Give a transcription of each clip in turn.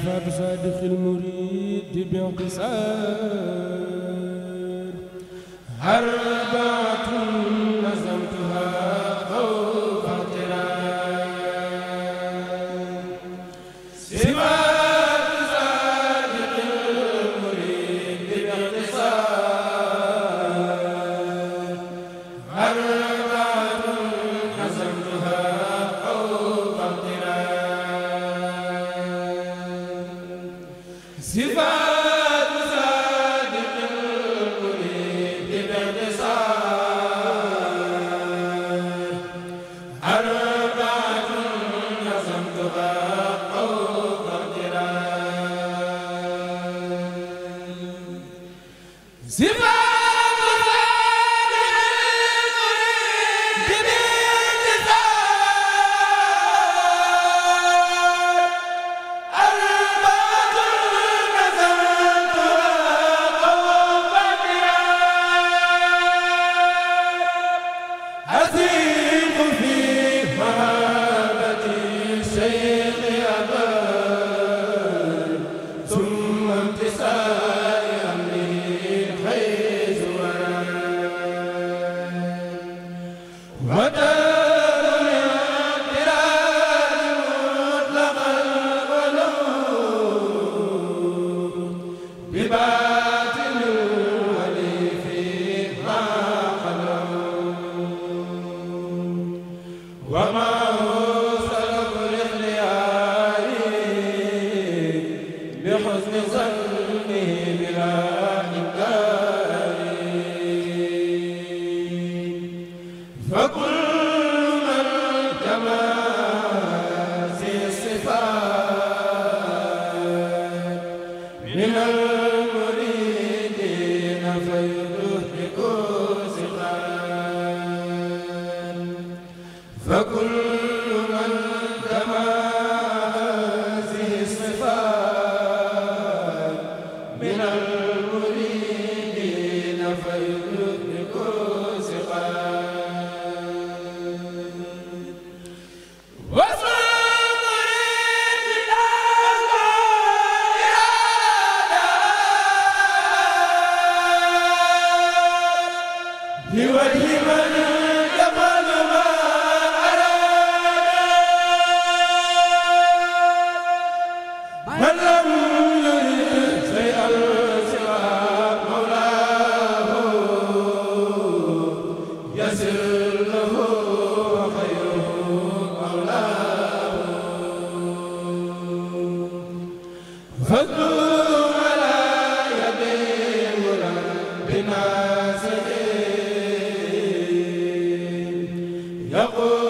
صفات صادق المريد بانقسار Ziba لمن دخل yaqul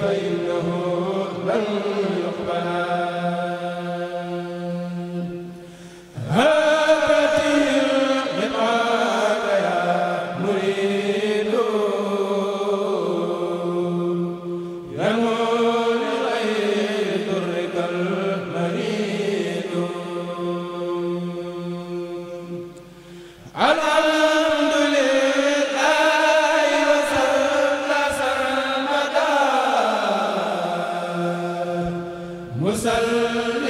فإنه من musal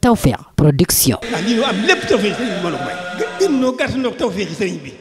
Tawfekh Production. ah lii loo am lépp tawfeer ci sëriñ bi mën a may. gë gën noo gàtt noo tawfeer ci sëriñ bi.